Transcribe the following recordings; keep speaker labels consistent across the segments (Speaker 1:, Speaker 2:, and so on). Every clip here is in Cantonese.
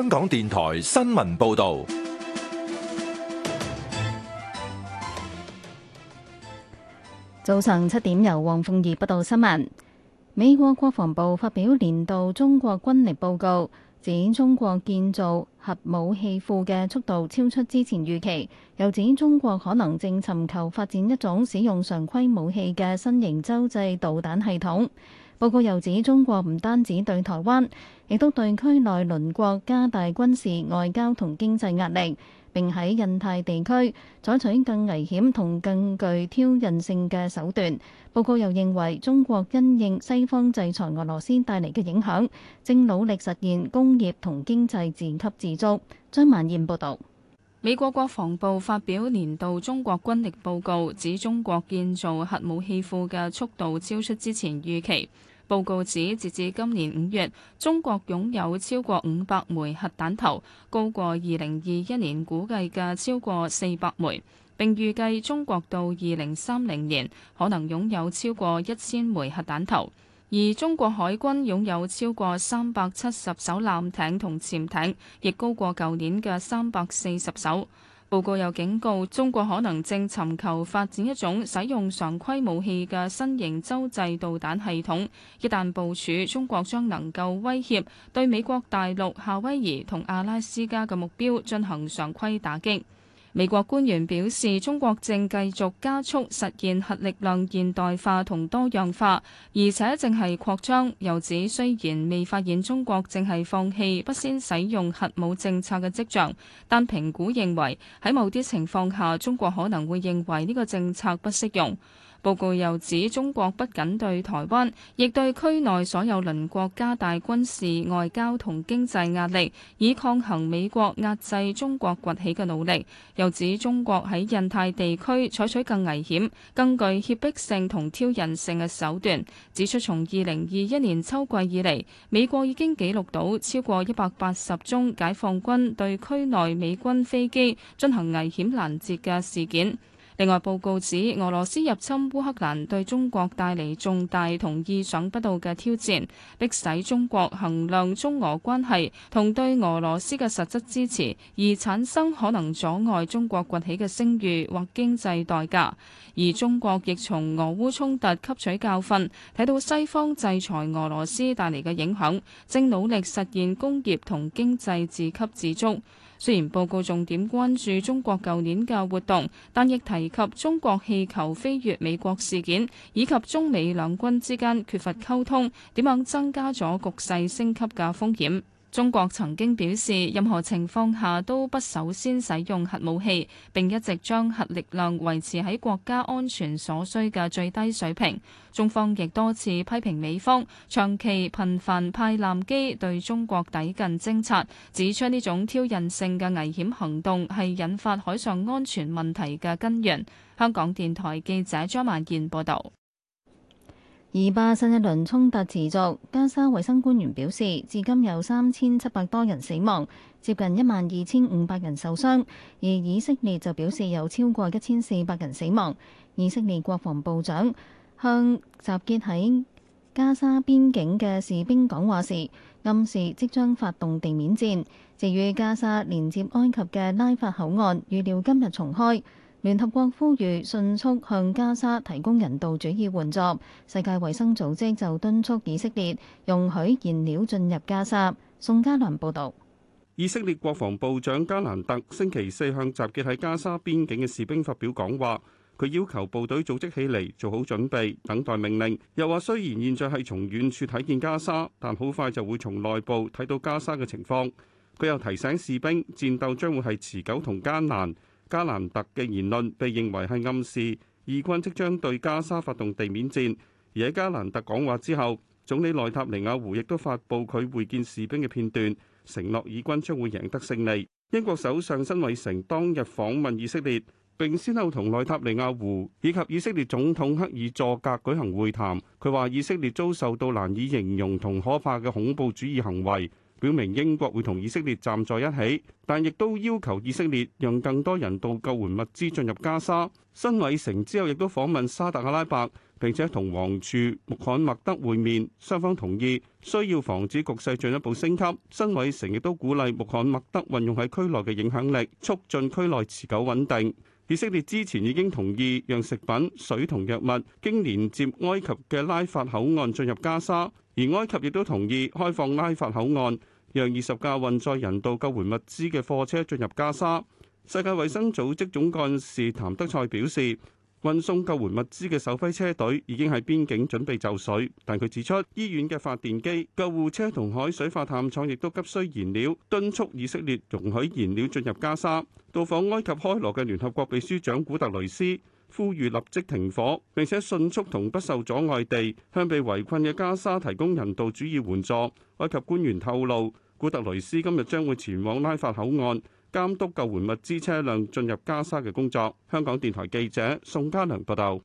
Speaker 1: 香港電台新聞報道，
Speaker 2: 早上七點由黃鳳儀報道新聞。美國國防部發表年度中國軍力報告，指中國建造核武器庫嘅速度超出之前預期，又指中國可能正尋求發展一種使用常規武器嘅新型洲際導彈系統。報告又指中國唔單止對台灣。亦都對區內鄰國加大軍事、外交同經濟壓力，並喺印太地區採取更危險同更具挑釁性嘅手段。報告又認為，中國因應西方制裁俄羅斯帶嚟嘅影響，正努力實現工業同經濟自給自
Speaker 3: 足。張曼燕報導。美國國防部發表年度中國軍力報告，指中國建造核武器庫嘅速度超出之前預期。報告指，截至今年五月，中國擁有超過五百枚核彈頭，高過二零二一年估計嘅超過四百枚。並預計中國到二零三零年可能擁有超過一千枚核彈頭。而中國海軍擁有超過三百七十艘艦艇同潛艇，亦高過舊年嘅三百四十艘。報告又警告，中國可能正尋求發展一種使用常規武器嘅新型洲際導彈系統。一旦部署，中國將能夠威脅對美國大陸、夏威夷同阿拉斯加嘅目標進行常規打擊。美國官員表示，中國正繼續加速實現核力量現代化同多樣化，而且正係擴張。又指雖然未發現中國正係放棄不先使用核武政策嘅跡象，但評估認為，喺某啲情況下，中國可能會認為呢個政策不適用。報告又指，中國不僅對台灣，亦對區內所有鄰國加大軍事、外交同經濟壓力，以抗衡美國壓制中國崛起嘅努力。又指中國喺印太地區採取更危險、更具脅迫性同挑釁性嘅手段。指出從二零二一年秋季以嚟，美國已經記錄到超過一百八十宗解放軍對區內美軍飛機進行危險攔截嘅事件。另外報告指，俄羅斯入侵烏克蘭對中國帶嚟重大同意想不到嘅挑戰，迫使中國衡量中俄關係同對俄羅斯嘅實質支持，而產生可能阻礙中國崛起嘅聲譽或經濟代價。而中國亦從俄烏衝突吸取教訓，睇到西方制裁俄羅斯帶嚟嘅影響，正努力實現工業同經濟自給自足。雖然報告重點關注中國舊年嘅活動，但亦提及中國氣球飛越美國事件，以及中美兩軍之間缺乏溝通，點樣增加咗局勢升級嘅風險。中國曾經表示，任何情況下都不首先使用核武器，並一直將核力量維持喺國家安全所需嘅最低水平。中方亦多次批評美方長期頻繁派艦機對中國抵近偵察，指出呢種挑釁性嘅危險行動係引發海上安全問題嘅根源。香港電台記者張曼燕報導。
Speaker 2: 以巴新一輪衝突持續，加沙衛生官員表示，至今有三千七百多人死亡，接近一萬二千五百人受傷。而以色列就表示有超過一千四百人死亡。以色列國防部長向集結喺加沙邊境嘅士兵講話時，暗示即將發動地面戰。至於加沙連接埃及嘅拉法口岸，預料今日重開。聯合國呼籲迅速向加沙提供人道主義援助。世界衛生組織就敦促以色列容許燃料進入加沙。宋嘉楠報導。
Speaker 1: 以色列國防部長加蘭特星期四向集結喺加沙邊境嘅士兵發表講話，佢要求部隊組織起嚟，做好準備，等待命令。又話雖然現在係從遠處睇見加沙，但好快就會從內部睇到加沙嘅情況。佢又提醒士兵，戰鬥將會係持久同艱難。加蘭特嘅言論被認為係暗示義軍即將對加沙發動地面戰。而喺加蘭特講話之後，總理內塔尼亞胡亦都發布佢會見士兵嘅片段，承諾以軍將會贏得勝利。英國首相辛偉誠當日訪問以色列，並先後同內塔尼亞胡以及以色列總統克爾佐格舉行會談。佢話：以色列遭受到難以形容同可怕嘅恐怖主義行為。表明英國會同以色列站在一起，但亦都要求以色列讓更多人道救援物資進入加沙。辛偉誠之後亦都訪問沙特阿拉伯，並且同王儲穆罕默德會面，雙方同意需要防止局勢進一步升級。辛偉誠亦都鼓勵穆罕默德運用喺區內嘅影響力，促進區內持久穩定。以色列之前已經同意讓食品、水同藥物經連接埃及嘅拉法口岸進入加沙。而埃及亦都同意開放拉法口岸，讓二十架運載人道救援物資嘅貨車進入加沙。世界衛生組織總幹事譚德塞表示，運送救援物資嘅首批車隊已經喺邊境準備就緒，但佢指出，醫院嘅發電機、救護車同海水化淡廠亦都急需燃料，敦促以色列容許燃料進入加沙。到訪埃及開羅嘅聯合國秘書長古特雷斯，呼籲立即停火，並且迅速同不受阻礙地向被圍困嘅加沙提供人道主義援助。埃及官員透露，古特雷斯今日將會前往拉法口岸監督救援物資車輛進入加沙嘅工作。香港電台記者宋嘉良報道。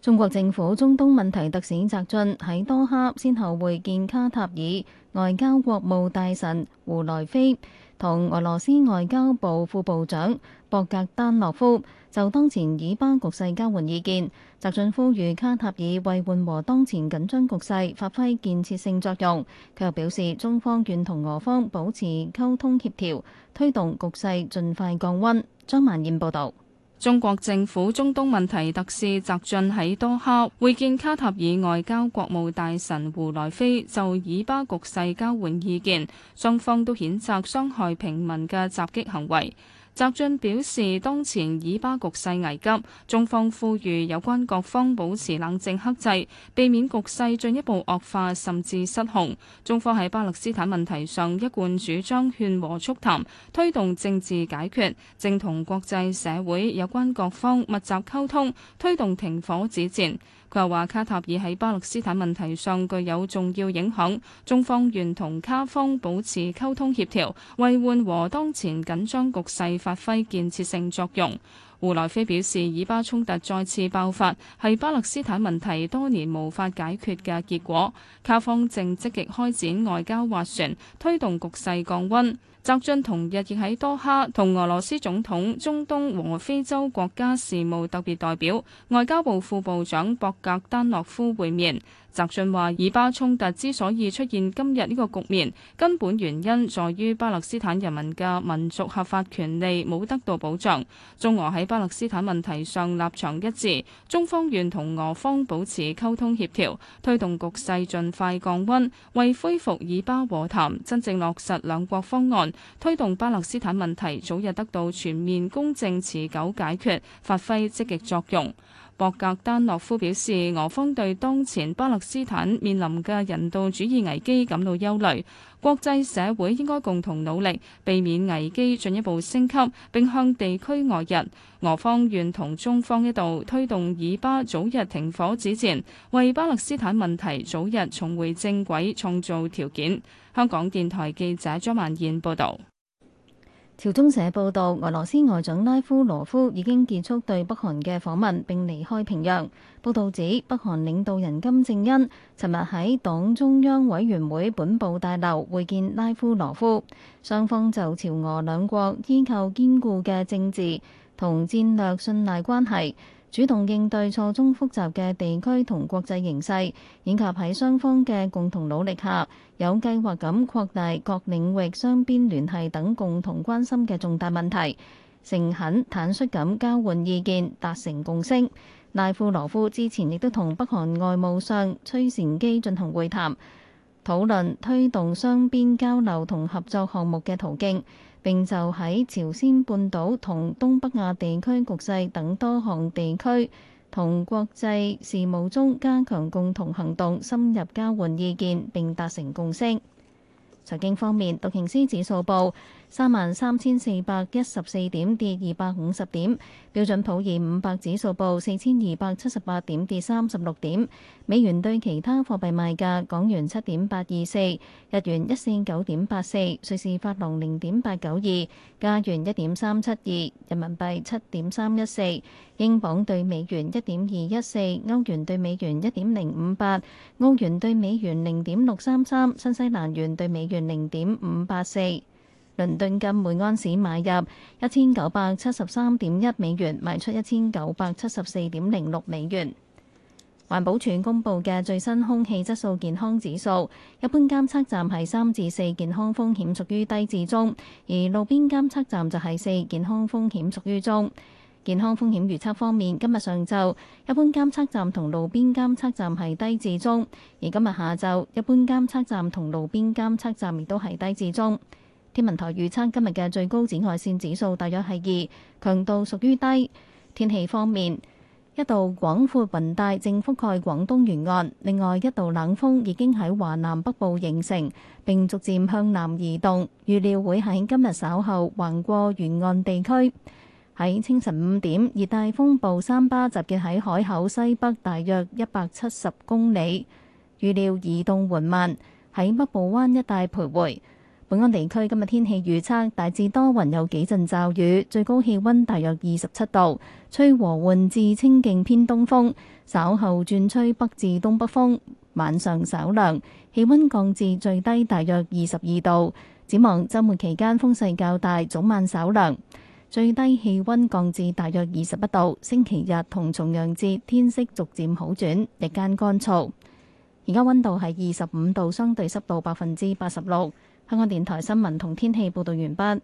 Speaker 2: 中國政府中東問題特使翟俊喺多哈先後會見卡塔爾外交國務大臣胡萊菲、同俄羅斯外交部副部長博格丹諾夫就當前以巴局勢交換意見，集盡呼籲卡塔爾為緩和當前緊張局勢發揮建設性作用。佢又表示，中方願同俄方保持溝通協
Speaker 3: 調，推動局勢盡快降溫。張曼燕報導。中國政府中東問題特使翟雋喺多哈會見卡塔爾外交國務大臣胡萊菲，就以巴局勢交換意見，雙方都譴責傷害平民嘅襲擊行為。習近平表示，當前以巴局勢危急，中方呼籲有關各方保持冷靜克制，避免局勢進一步惡化，甚至失控。中方喺巴勒斯坦問題上，一貫主張勸和促談，推動政治解決，正同國際社會有關各方密集溝通，推動停火止戰。佢又話：卡塔爾喺巴勒斯坦問題上具有重要影響，中方願同卡方保持溝通協調，為緩和當前緊張局勢發揮建設性作用。胡萊菲表示，以巴衝突再次爆發係巴勒斯坦問題多年無法解決嘅結果，卡方正積極開展外交斡旋，推動局勢降温。澤俊同日亦喺多哈同俄羅斯總統、中東和非洲國家事務特別代表、外交部副部長博格丹諾夫會面。澤俊話：以巴衝突之所以出現今日呢個局面，根本原因在於巴勒斯坦人民嘅民族合法權利冇得到保障。中俄喺巴勒斯坦問題上立場一致，中方願同俄方保持溝通協調，推動局勢盡快降温，為恢復以巴和談，真正落實兩國方案。推動巴勒斯坦問題早日得到全面公正持久解決，發揮積極作用。博格丹諾夫表示，俄方對當前巴勒斯坦面臨嘅人道主義危機感到憂慮，國際社會應該共同努力，避免危機進一步升級。並向地區外日俄方願同中方一道推動以巴早日停火止戰，為巴勒斯坦問題早日重回正軌創造條件。香港電台記者張曼燕報導。
Speaker 2: 朝中社報導，俄羅斯外長拉夫羅夫已經結束對北韓嘅訪問並離開平壤。報導指，北韓領導人金正恩尋日喺黨中央委員會本部大樓會見拉夫羅夫，雙方就朝俄兩國依靠堅固嘅政治同戰略信賴關係，主動應對錯綜複雜嘅地區同國際形勢，以及喺雙方嘅共同努力下，有計劃咁擴大各領域雙邊聯繫等共同關心嘅重大問題，誠懇坦率咁交換意見，達成共識。賴夫羅夫之前亦都同北韓外務相崔善基進行會談，討論推動雙邊交流同合作項目嘅途徑。並就喺朝鮮半島同東北亞地區局勢等多項地區同國際事務中加強共同行動，深入交換意見並達成共識。財經方面，道瓊斯指數報三萬三千四百一十四點，跌二百五十點，標準普爾五百指數報四千二百七十八點，跌三十六點。美元對其他貨幣賣價，港元七點八二四，日元一四九點八四，瑞士法郎零點八九二，加元一點三七二，人民幣七點三一四，英鎊對美元一點二一四，歐元對美元一點零五八，澳元對美元零點六三三，新西蘭元對美元零點五八四。倫敦金每安士買入一千九百七十三點一美元，賣出一千九百七十四點零六美元。環保署公布嘅最新空氣質素健康指數，一般監測站係三至四，健康風險屬於低至中；而路邊監測站就係四，健康風險屬於中。健康風險預測方面，今日上晝一般監測站同路邊監測站係低至中，而今日下晝一般監測站同路邊監測站亦都係低至中。天文台預測今日嘅最高紫外線指數大約係二，強度屬於低。天氣方面，一道廣闊雲帶正覆蓋廣東沿岸，另外一道冷鋒已經喺華南北部形成，並逐漸向南移動，預料會喺今日稍後橫過沿岸地區。喺清晨五點，熱帶風暴三巴集結喺海口西北大約一百七十公里，預料移動緩慢，喺北部灣一帶徘徊。本港地區今日天氣預測，大致多雲，有幾陣驟雨，最高氣溫大約二十七度，吹和緩至清勁偏東風，稍後轉吹北至東北風，晚上稍涼，氣溫降至最低大約二十二度。展望周末期間風勢較大，早晚稍涼，最低氣溫降至大約二十一度。星期日同重陽節天色逐漸好轉，日間乾燥。而家溫度係二十五度，相對濕度百分之八十六。香港電台新聞同天氣報導完畢。